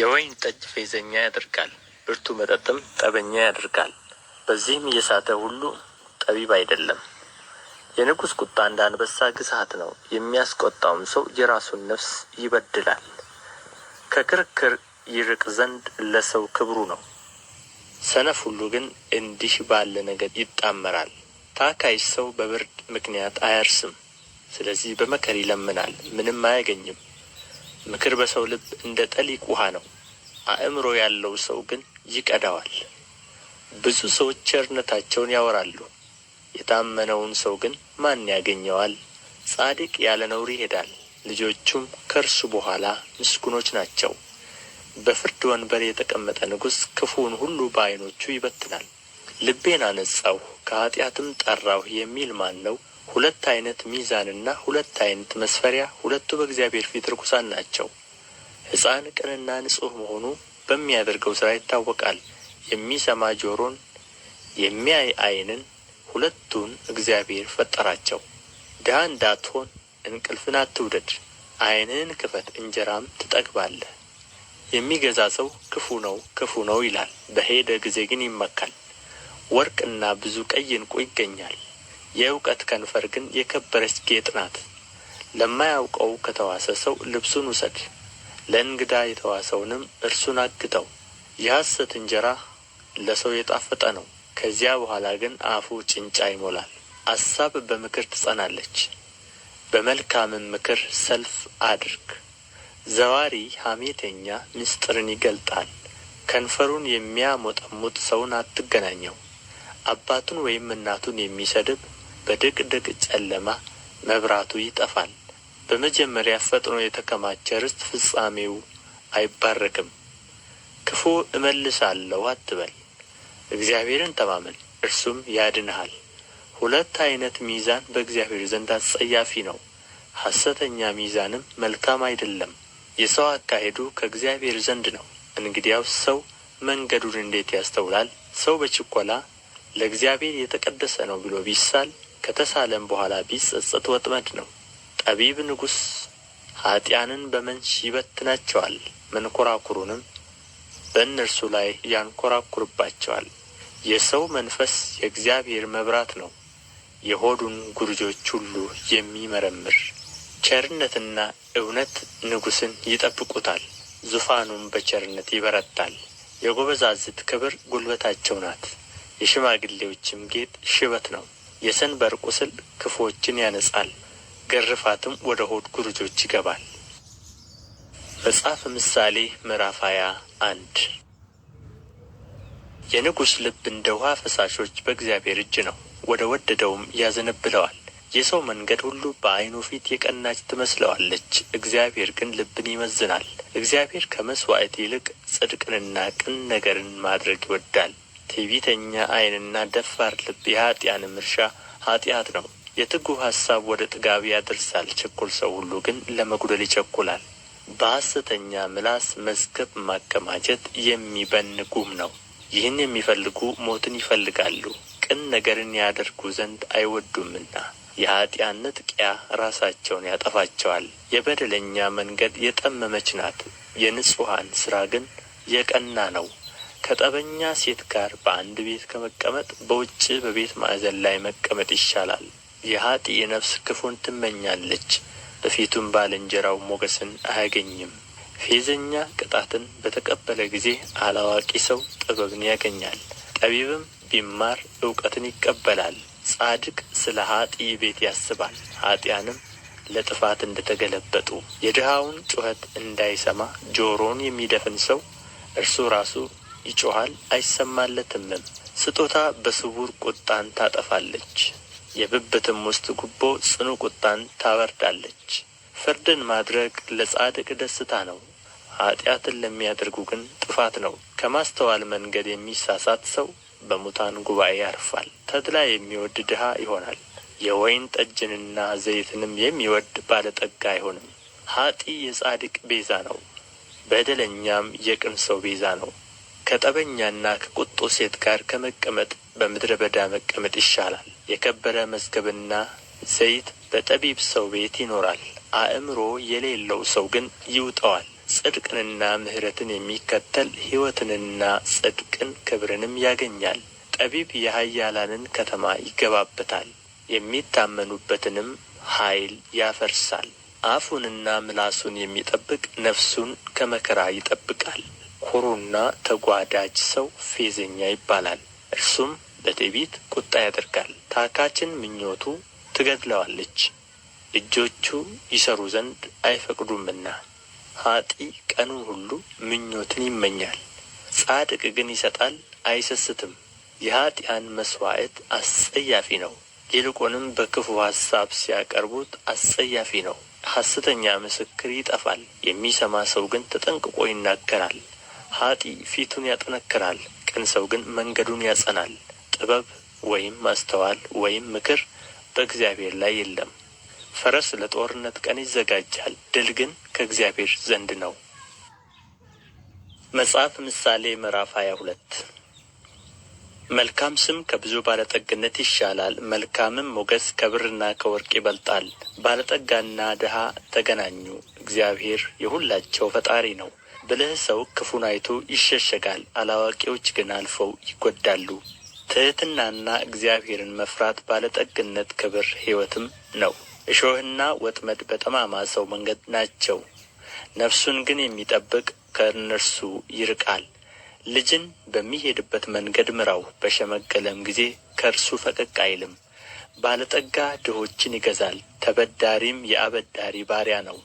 የወይን ጠጅ ፌዘኛ ያደርጋል ብርቱ መጠጥም ጠበኛ ያደርጋል በዚህም የሳተ ሁሉ ጠቢብ አይደለም የንጉሥ ቁጣ እንደ አንበሳ ግዛት ነው የሚያስቆጣውም ሰው የራሱን ነፍስ ይበድላል ከክርክር ይርቅ ዘንድ ለሰው ክብሩ ነው ሰነፍ ሁሉ ግን እንዲህ ባለ ነገር ይጣመራል ታካይ ሰው በብርድ ምክንያት አያርስም ስለዚህ በመከር ይለምናል ምንም አያገኝም ምክር በሰው ልብ እንደ ጠሊቅ ውሃ ነው፣ አእምሮ ያለው ሰው ግን ይቀዳዋል። ብዙ ሰዎች ቸርነታቸውን ያወራሉ፣ የታመነውን ሰው ግን ማን ያገኘዋል? ጻድቅ ያለ ነውር ይሄዳል፣ ልጆቹም ከእርሱ በኋላ ምስጉኖች ናቸው። በፍርድ ወንበር የተቀመጠ ንጉሥ ክፉውን ሁሉ በዐይኖቹ ይበትናል። ልቤን አነጻሁ ከኀጢአትም ጠራሁ የሚል ማን ነው? ሁለት አይነት ሚዛንና ሁለት አይነት መስፈሪያ፣ ሁለቱ በእግዚአብሔር ፊት ርኩሳን ናቸው። ሕፃን ቅንና ንጹሕ መሆኑ በሚያደርገው ሥራ ይታወቃል። የሚሰማ ጆሮን፣ የሚያይ አይንን ሁለቱን እግዚአብሔር ፈጠራቸው። ድሃ እንዳትሆን እንቅልፍን አትውደድ፣ አይንህን ክፈት፣ እንጀራም ትጠግባለህ። የሚገዛ ሰው ክፉ ነው ክፉ ነው ይላል፣ በሄደ ጊዜ ግን ይመካል። ወርቅና ብዙ ቀይ ዕንቁ ይገኛል። የእውቀት ከንፈር ግን የከበረች ጌጥ ናት። ለማያውቀው ከተዋሰ ሰው ልብሱን ውሰድ፣ ለእንግዳ የተዋሰውንም እርሱን አግተው። የሐሰት እንጀራ ለሰው የጣፈጠ ነው፣ ከዚያ በኋላ ግን አፉ ጭንጫ ይሞላል። አሳብ በምክር ትጸናለች፣ በመልካምም ምክር ሰልፍ አድርግ። ዘዋሪ ሐሜተኛ ምስጢርን ይገልጣል፣ ከንፈሩን የሚያሞጠሙጥ ሰውን አትገናኘው። አባቱን ወይም እናቱን የሚሰድብ በድቅድቅ ጨለማ መብራቱ ይጠፋል። በመጀመሪያ ፈጥኖ የተከማቸ ርስት ፍጻሜው አይባረክም። ክፉ እመልሳለሁ አትበል፣ እግዚአብሔርን ተማመን እርሱም ያድንሃል። ሁለት አይነት ሚዛን በእግዚአብሔር ዘንድ አስጸያፊ ነው፣ ሐሰተኛ ሚዛንም መልካም አይደለም። የሰው አካሄዱ ከእግዚአብሔር ዘንድ ነው። እንግዲያው ሰው መንገዱን እንዴት ያስተውላል? ሰው በችኮላ ለእግዚአብሔር የተቀደሰ ነው ብሎ ቢሳል ከተሳለም በኋላ ቢጸጸት ወጥመድ ነው። ጠቢብ ንጉሥ ኀጢአንን በመንሽ ይበትናቸዋል፣ መንኰራኵሩንም በእነርሱ ላይ ያንኰራኵርባቸዋል። የሰው መንፈስ የእግዚአብሔር መብራት ነው፣ የሆዱን ጉርጆች ሁሉ የሚመረምር። ቸርነትና እውነት ንጉሥን ይጠብቁታል፣ ዙፋኑም በቸርነት ይበረታል። የጐበዛዝት ክብር ጒልበታቸው ናት፣ የሽማግሌዎችም ጌጥ ሽበት ነው። የሰንበር ቁስል ክፉዎችን ያነጻል፣ ግርፋትም ወደ ሆድ ጉርጆች ይገባል። መጽሐፈ ምሳሌ ምዕራፍ ሃያ አንድ የንጉሥ ልብ እንደ ውሃ ፈሳሾች በእግዚአብሔር እጅ ነው፣ ወደ ወደደውም ያዘነብለዋል። የሰው መንገድ ሁሉ በዐይኑ ፊት የቀናች ትመስለዋለች፣ እግዚአብሔር ግን ልብን ይመዝናል። እግዚአብሔር ከመሥዋዕት ይልቅ ጽድቅንና ቅን ነገርን ማድረግ ይወዳል። ትዕቢተኛ ዓይንና ደፋር ልብ የኀጥኣንም እርሻ ኃጢአት ነው። የትጉ ሐሳብ ወደ ጥጋብ ያደርሳል፣ ችኩል ሰው ሁሉ ግን ለመጉደል ይቸኩላል። በሐሰተኛ ምላስ መዝገብ ማከማቸት የሚበን ጉም ነው። ይህን የሚፈልጉ ሞትን ይፈልጋሉ፣ ቅን ነገርን ያደርጉ ዘንድ አይወዱምና። የኀጥኣን ንጥቂያ ራሳቸውን ያጠፋቸዋል። የበደለኛ መንገድ የጠመመች ናት፣ የንጹሐን ሥራ ግን የቀና ነው። ከጠበኛ ሴት ጋር በአንድ ቤት ከመቀመጥ በውጭ በቤት ማዕዘን ላይ መቀመጥ ይሻላል። የኀጥእ ነፍስ ክፉን ትመኛለች፣ በፊቱም ባልንጀራው ሞገስን አያገኝም። ፌዘኛ ቅጣትን በተቀበለ ጊዜ አላዋቂ ሰው ጥበብን ያገኛል፣ ጠቢብም ቢማር እውቀትን ይቀበላል። ጻድቅ ስለ ኀጥእ ቤት ያስባል፣ ኀጥኣንም ለጥፋት እንደ ተገለበጡ። የድሃውን ጩኸት እንዳይሰማ ጆሮውን የሚደፍን ሰው እርሱ ራሱ ይጮኻል አይሰማለትምም። ስጦታ በስውር ቁጣን ታጠፋለች፣ የብብትም ውስጥ ጉቦ ጽኑ ቁጣን ታበርዳለች። ፍርድን ማድረግ ለጻድቅ ደስታ ነው፣ ኃጢአትን ለሚያደርጉ ግን ጥፋት ነው። ከማስተዋል መንገድ የሚሳሳት ሰው በሙታን ጉባኤ ያርፋል። ተድላ የሚወድ ድሃ ይሆናል፣ የወይን ጠጅንና ዘይትንም የሚወድ ባለጠጋ አይሆንም። ኀጢ የጻድቅ ቤዛ ነው፣ በደለኛም የቅን ሰው ቤዛ ነው። ከጠበኛና ከቁጡ ሴት ጋር ከመቀመጥ በምድረ በዳ መቀመጥ ይሻላል። የከበረ መዝገብና ዘይት በጠቢብ ሰው ቤት ይኖራል፣ አእምሮ የሌለው ሰው ግን ይውጠዋል። ጽድቅንና ምሕረትን የሚከተል ሕይወትንና ጽድቅን ክብርንም ያገኛል። ጠቢብ የኃያላንን ከተማ ይገባበታል፣ የሚታመኑበትንም ኃይል ያፈርሳል። አፉንና ምላሱን የሚጠብቅ ነፍሱን ከመከራ ይጠብቃል። ኩሩና ተጓዳጅ ሰው ፌዘኛ ይባላል። እርሱም በትዕቢት ቁጣ ያደርጋል፣ ታካችን ምኞቱ ትገድለዋለች፣ እጆቹ ይሰሩ ዘንድ አይፈቅዱምና። ሀጢ ቀኑን ሁሉ ምኞትን ይመኛል፣ ጻድቅ ግን ይሰጣል አይሰስትም። የሀጢያን መሥዋዕት አስጸያፊ ነው፣ ይልቁንም በክፉ ሐሳብ ሲያቀርቡት አስጸያፊ ነው። ሐሰተኛ ምስክር ይጠፋል፣ የሚሰማ ሰው ግን ተጠንቅቆ ይናገራል። ኀጢ ፊቱን ያጠነክራል፣ ቅን ሰው ግን መንገዱን ያጸናል። ጥበብ ወይም ማስተዋል ወይም ምክር በእግዚአብሔር ላይ የለም። ፈረስ ለጦርነት ቀን ይዘጋጃል፣ ድል ግን ከእግዚአብሔር ዘንድ ነው። መጽሐፍ ምሳሌ ምዕራፍ ሃያ ሁለት መልካም ስም ከብዙ ባለጠግነት ይሻላል፣ መልካምም ሞገስ ከብርና ከወርቅ ይበልጣል። ባለጠጋና ድሃ ተገናኙ፣ እግዚአብሔር የሁላቸው ፈጣሪ ነው። ብልህ ሰው ክፉን አይቶ ይሸሸጋል፣ አላዋቂዎች ግን አልፈው ይጎዳሉ። ትሕትናና እግዚአብሔርን መፍራት ባለጠግነት፣ ክብር፣ ሕይወትም ነው። እሾህና ወጥመድ በጠማማ ሰው መንገድ ናቸው፣ ነፍሱን ግን የሚጠብቅ ከእነርሱ ይርቃል። ልጅን በሚሄድበት መንገድ ምራው፣ በሸመገለም ጊዜ ከእርሱ ፈቀቅ አይልም። ባለጠጋ ድሆችን ይገዛል፣ ተበዳሪም የአበዳሪ ባሪያ ነው።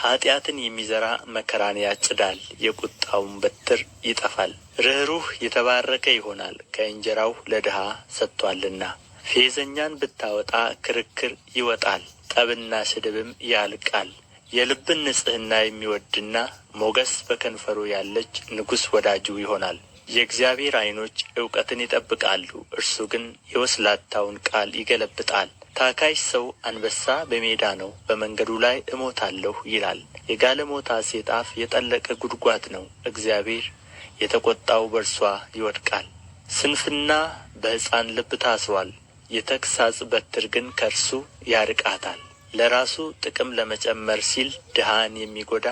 ኃጢአትን የሚዘራ መከራን ያጭዳል፣ የቁጣውን በትር ይጠፋል። ርኅሩህ የተባረከ ይሆናል፣ ከእንጀራው ለድሃ ሰጥቶአልና። ፌዘኛን ብታወጣ ክርክር ይወጣል፣ ጠብና ስድብም ያልቃል። የልብን ንጽሕና የሚወድና ሞገስ በከንፈሩ ያለች ንጉሥ ወዳጁ ይሆናል። የእግዚአብሔር ዐይኖች ዕውቀትን ይጠብቃሉ፣ እርሱ ግን የወስላታውን ቃል ይገለብጣል። ታካሽ ሰው አንበሳ በሜዳ ነው በመንገዱ ላይ እሞታለሁ ይላል። የጋለሞታ ሴት አፍ የጠለቀ ጉድጓድ ነው፣ እግዚአብሔር የተቆጣው በእርሷ ይወድቃል። ስንፍና በሕፃን ልብ ታስሯል። የተግሣጽ በትር ግን ከእርሱ ያርቃታል። ለራሱ ጥቅም ለመጨመር ሲል ድሃን የሚጐዳ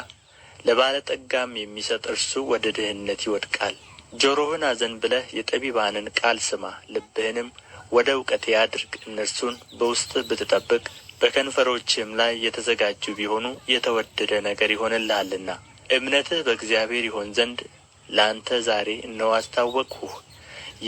ለባለጠጋም የሚሰጥ እርሱ ወደ ድህነት ይወድቃል። ጆሮህን አዘንብለህ የጠቢባንን ቃል ስማ፣ ልብህንም ወደ እውቀቴ አድርግ እነርሱን በውስጥህ ብትጠብቅ በከንፈሮችህም ላይ የተዘጋጁ ቢሆኑ የተወደደ ነገር ይሆንልሃልና እምነትህ በእግዚአብሔር ይሆን ዘንድ ለአንተ ዛሬ እነሆ አስታወቅሁህ።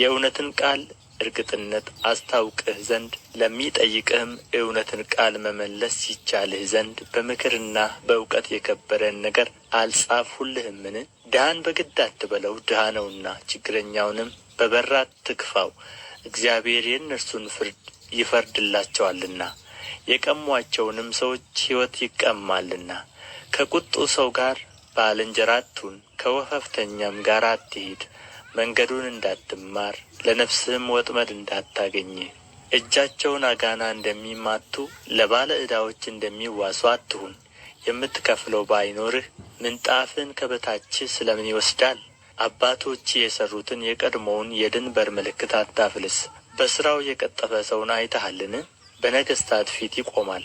የእውነትን ቃል እርግጥነት አስታውቅህ ዘንድ ለሚጠይቅህም እውነትን ቃል መመለስ ይቻልህ ዘንድ በምክርና በእውቀት የከበረን ነገር አልጻፍሁልህምን? ድሃን በግድ አትበለው ድሃ ነውና፣ ችግረኛውንም በበራት ትክፋው እግዚአብሔር የእነርሱን ፍርድ ይፈርድላቸዋልና የቀሟቸውንም ሰዎች ሕይወት ይቀማልና። ከቁጡ ሰው ጋር ባልንጀራ አትሁን፣ ከወፈፍተኛም ጋር አትሂድ፣ መንገዱን እንዳትማር ለነፍስህም ወጥመድ እንዳታገኘ እጃቸውን አጋና እንደሚማቱ ለባለ ዕዳዎች እንደሚዋሱ አትሁን። የምትከፍለው ባይኖርህ ምንጣፍን ከበታችህ ስለምን ይወስዳል? አባቶች የሠሩትን የቀድሞውን የድንበር ምልክት አታፍልስ በሥራው የቀጠፈ ሰውን አይተሃልን በነገሥታት ፊት ይቆማል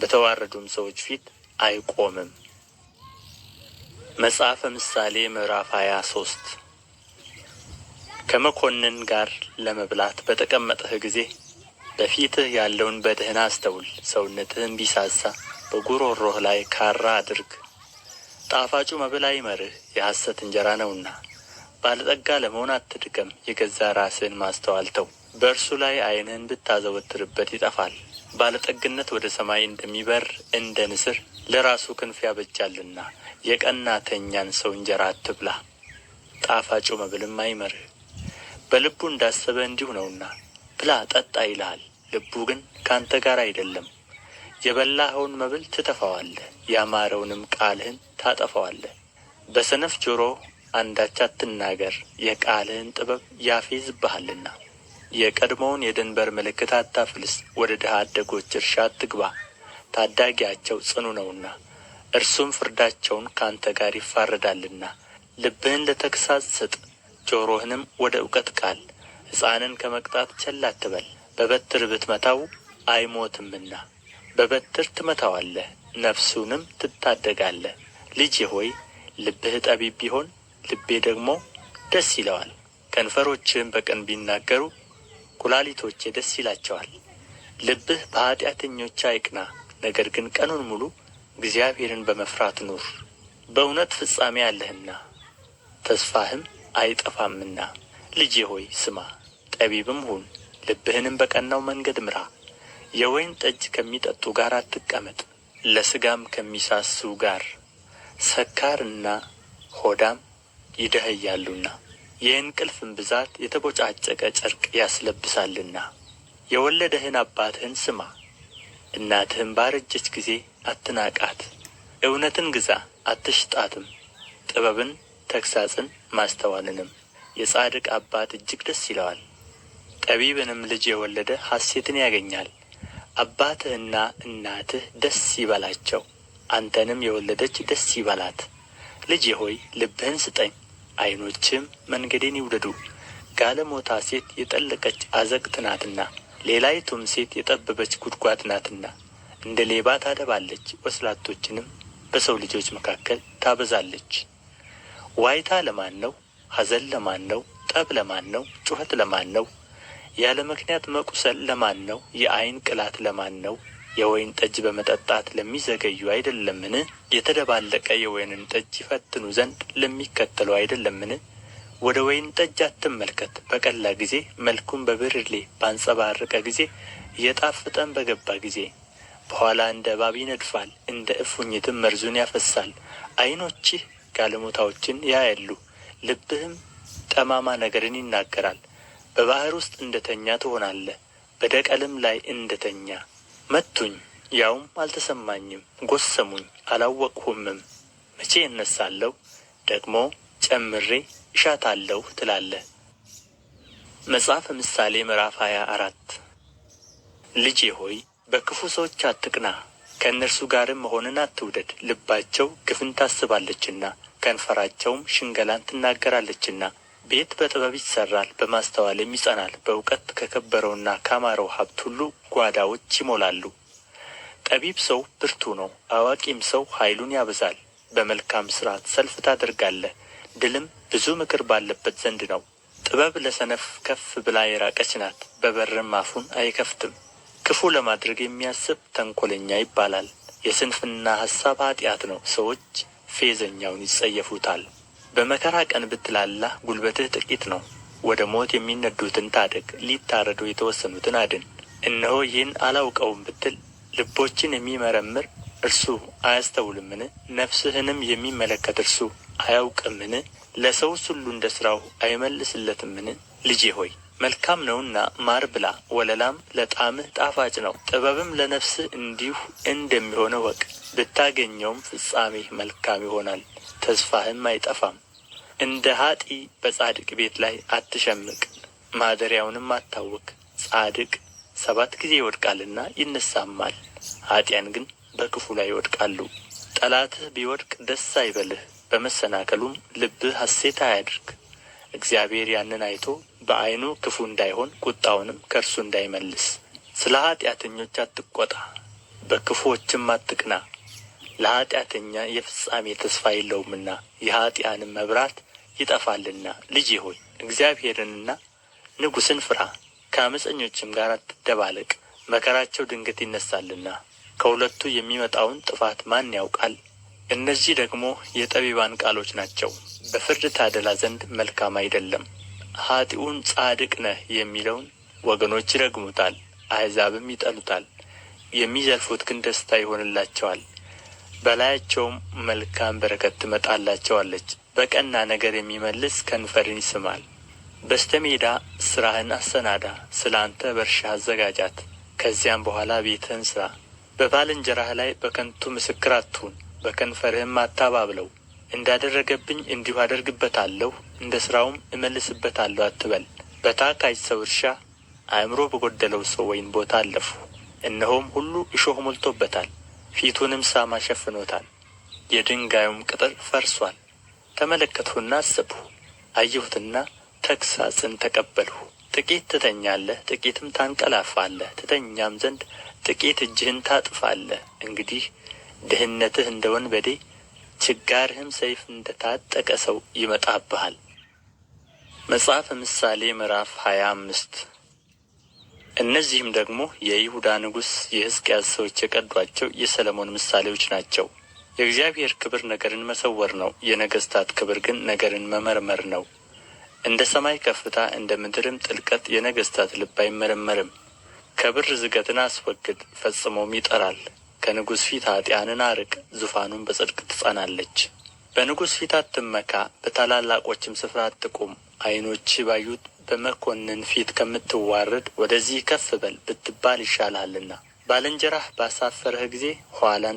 በተዋረዱም ሰዎች ፊት አይቆምም መጽሐፈ ምሳሌ ምዕራፍ ሃያ ሶስት ከመኮንን ጋር ለመብላት በተቀመጥህ ጊዜ በፊትህ ያለውን በድህን አስተውል። ሰውነትህን ቢሳሳ በጉሮሮህ ላይ ካራ አድርግ። ጣፋጩ መብል አይመርህ፣ የሐሰት እንጀራ ነውና። ባለጠጋ ለመሆን አትድከም የገዛ ራስህን ማስተዋል ተው በእርሱ ላይ ዓይንህን ብታዘወትርበት ይጠፋል ባለጠግነት ወደ ሰማይ እንደሚበር እንደ ንስር ለራሱ ክንፍ ያበጃልና የቀናተኛን ሰው እንጀራ አትብላ ጣፋጩ መብልም አይመርህ በልቡ እንዳሰበ እንዲሁ ነውና ብላ ጠጣ ይልሃል ልቡ ግን ካንተ ጋር አይደለም የበላኸውን መብል ትተፋዋለህ ያማረውንም ቃልህን ታጠፋዋለህ በሰነፍ ጆሮ አንዳች አትናገር የቃልህን ጥበብ ያፌዝብሃልና የቀድሞውን የድንበር ምልክት አታፍልስ ወደ ድሀ አደጎች እርሻ አትግባ ታዳጊያቸው ጽኑ ነውና እርሱም ፍርዳቸውን ካንተ ጋር ይፋረዳልና ልብህን ለተግሣጽ ስጥ ጆሮህንም ወደ እውቀት ቃል ሕፃንን ከመቅጣት ቸል አትበል በበትር ብትመታው አይሞትምና በበትር ትመታዋለህ ነፍሱንም ትታደጋለህ ልጄ ሆይ ልብህ ጠቢብ ቢሆን ልቤ ደግሞ ደስ ይለዋል። ከንፈሮችህም በቀን ቢናገሩ ኩላሊቶቼ ደስ ይላቸዋል። ልብህ በኃጢአተኞች አይቅና፣ ነገር ግን ቀኑን ሙሉ እግዚአብሔርን በመፍራት ኑር። በእውነት ፍጻሜ አለህና ተስፋህም አይጠፋምና። ልጄ ሆይ ስማ፣ ጠቢብም ሁን፣ ልብህንም በቀናው መንገድ ምራ። የወይን ጠጅ ከሚጠጡ ጋር አትቀመጥ፣ ለሥጋም ከሚሳሱ ጋር። ሰካርና ሆዳም ይደኸያሉና የእንቅልፍም ብዛት የተቦጫጨቀ ጨርቅ ያስለብሳልና የወለደህን አባትህን ስማ፣ እናትህም ባረጀች ጊዜ አትናቃት። እውነትን ግዛ አትሽጣትም፣ ጥበብን፣ ተግሣጽን፣ ማስተዋልንም። የጻድቅ አባት እጅግ ደስ ይለዋል፣ ጠቢብንም ልጅ የወለደ ሐሴትን ያገኛል። አባትህና እናትህ ደስ ይበላቸው፣ አንተንም የወለደች ደስ ይበላት። ልጄ ሆይ ልብህን ስጠኝ ዓይኖችም መንገዴን ይውደዱ ጋለሞታ ሴት የጠለቀች አዘግት ናትና ሌላይቱም ሴት የጠበበች ጉድጓድ ናትና እንደ ሌባ ታደባለች ወስላቶችንም በሰው ልጆች መካከል ታበዛለች ዋይታ ለማን ነው ሀዘን ለማን ነው ጠብ ለማን ነው ጩኸት ለማን ነው ያለ ምክንያት መቁሰል ለማን ነው የዓይን ቅላት ለማን ነው የወይን ጠጅ በመጠጣት ለሚዘገዩ አይደለምን የተደባለቀ የወይንን ጠጅ ይፈትኑ ዘንድ ለሚከተሉ አይደለምን ወደ ወይን ጠጅ አትመልከት በቀላ ጊዜ መልኩን በብርሌ ባንጸባረቀ ጊዜ እየጣፍጠን በገባ ጊዜ በኋላ እንደ እባብ ይነድፋል እንደ እፉኝትም መርዙን ያፈሳል አይኖችህ ጋለሞታዎችን ያያሉ ልብህም ጠማማ ነገርን ይናገራል በባህር ውስጥ እንደ ተኛ ትሆናለህ በደቀልም ላይ እንደ ተኛ መቱኝ፣ ያውም አልተሰማኝም። ጎሰሙኝ፣ አላወቅሁምም። መቼ እነሳለሁ? ደግሞ ጨምሬ እሻታለሁ ትላለህ። መጽሐፈ ምሳሌ ምዕራፍ ሃያ አራት ልጄ ሆይ በክፉ ሰዎች አትቅና፣ ከእነርሱ ጋርም መሆንን አትውደድ። ልባቸው ግፍን ታስባለችና ከንፈራቸውም ሽንገላን ትናገራለችና። ቤት በጥበብ ይሠራል በማስተዋልም ይጸናል። በእውቀት ከከበረውና ካማረው ሀብት ሁሉ ጓዳዎች ይሞላሉ። ጠቢብ ሰው ብርቱ ነው፣ አዋቂም ሰው ኃይሉን ያበዛል። በመልካም ሥርዓት ሰልፍ ታደርጋለህ፣ ድልም ብዙ ምክር ባለበት ዘንድ ነው። ጥበብ ለሰነፍ ከፍ ብላ የራቀች ናት፣ በበርም አፉን አይከፍትም። ክፉ ለማድረግ የሚያስብ ተንኰለኛ ይባላል። የስንፍና ሐሳብ ኃጢአት ነው፣ ሰዎች ፌዘኛውን ይጸየፉታል። በመከራ ቀን ብትላላ ጉልበትህ ጥቂት ነው። ወደ ሞት የሚነዱትን ታደግ፣ ሊታረዱ የተወሰኑትን አድን። እነሆ ይህን አላውቀውም ብትል ልቦችን የሚመረምር እርሱ አያስተውልምን? ነፍስህንም የሚመለከት እርሱ አያውቅምን? ለሰውስ ሁሉ እንደ ሥራው አይመልስለትምን? ልጄ ሆይ መልካም ነውና ማር ብላ፣ ወለላም ለጣምህ ጣፋጭ ነው። ጥበብም ለነፍስህ እንዲሁ እንደሚሆነ ወቅ ብታገኘውም ፍጻሜህ መልካም ይሆናል፣ ተስፋህም አይጠፋም። እንደ ኀጢ በጻድቅ ቤት ላይ አትሸምቅ፣ ማደሪያውንም አታውቅ። ጻድቅ ሰባት ጊዜ ይወድቃልና ይነሳማል ኀጥኣን ግን በክፉ ላይ ይወድቃሉ። ጠላትህ ቢወድቅ ደስ አይበልህ፣ በመሰናከሉም ልብህ ሐሴት አያድርግ። እግዚአብሔር ያንን አይቶ በዓይኑ ክፉ እንዳይሆን ቁጣውንም ከእርሱ እንዳይመልስ። ስለ ኃጢአተኞች አትቆጣ፣ በክፉዎችም አትቅና፣ ለኃጢአተኛ የፍጻሜ ተስፋ የለውምና የኃጢአንም መብራት ይጠፋልና። ልጄ ሆይ እግዚአብሔርንና ንጉሥን ፍራ። ከአመፀኞችም ጋር አትደባለቅ፣ መከራቸው ድንገት ይነሳልና ከሁለቱ የሚመጣውን ጥፋት ማን ያውቃል? እነዚህ ደግሞ የጠቢባን ቃሎች ናቸው። በፍርድ ታደላ ዘንድ መልካም አይደለም። ኀጢኡን ጻድቅ ነህ የሚለውን ወገኖች ይረግሙታል፣ አሕዛብም ይጠሉታል። የሚዘልፉት ግን ደስታ ይሆንላቸዋል፣ በላያቸውም መልካም በረከት ትመጣላቸዋለች። በቀና ነገር የሚመልስ ከንፈርን ይስማል። በስተ ሜዳ ሥራህን አሰናዳ፣ ስለ አንተ በእርሻ አዘጋጃት። ከዚያም በኋላ ቤትህን ሥራ። በባልንጀራህ ላይ በከንቱ ምስክር አትሁን፣ በከንፈርህም አታባብለው። እንዳደረገብኝ እንዲሁ አደርግበታለሁ፣ እንደ ሥራውም እመልስበታለሁ አትበል። በታካች ሰው እርሻ አእምሮ በጎደለው ሰው ወይን ቦታ አለፉ። እነሆም ሁሉ እሾህ ሞልቶበታል፣ ፊቱንም ሳማ ሸፍኖታል፣ የድንጋዩም ቅጥር ፈርሷል። ተመለከትሁና አሰብሁ፣ አየሁትና ተግሣጽን ተቀበልሁ ጥቂት ትተኛለህ ጥቂትም ታንቀላፋለህ ትተኛም ዘንድ ጥቂት እጅህን ታጥፋለህ እንግዲህ ድህነትህ እንደ ወንበዴ ችጋርህም ሰይፍ እንደ ታጠቀ ሰው ይመጣብሃል መጽሐፈ ምሳሌ ምዕራፍ ሃያ አምስት እነዚህም ደግሞ የይሁዳ ንጉሥ የሕዝቅያስ ሰዎች የቀዷቸው የሰለሞን ምሳሌዎች ናቸው። የእግዚአብሔር ክብር ነገርን መሰወር ነው፣ የነገሥታት ክብር ግን ነገርን መመርመር ነው። እንደ ሰማይ ከፍታ እንደ ምድርም ጥልቀት የነገሥታት ልብ አይመረመርም። ከብር ዝገትን አስወግድ፣ ፈጽሞም ይጠራል። ከንጉሥ ፊት ኀጢአንን አርቅ፣ ዙፋኑን በጽድቅ ትጸናለች። በንጉሥ ፊት አትመካ፣ በታላላቆችም ስፍራ አትቁም። ዐይኖች ባዩት በመኰንን ፊት ከምትዋረድ ወደዚህ ከፍ በል ብትባል ይሻልሃልና። ባልንጀራህ ባሳፈረህ ጊዜ ኋላን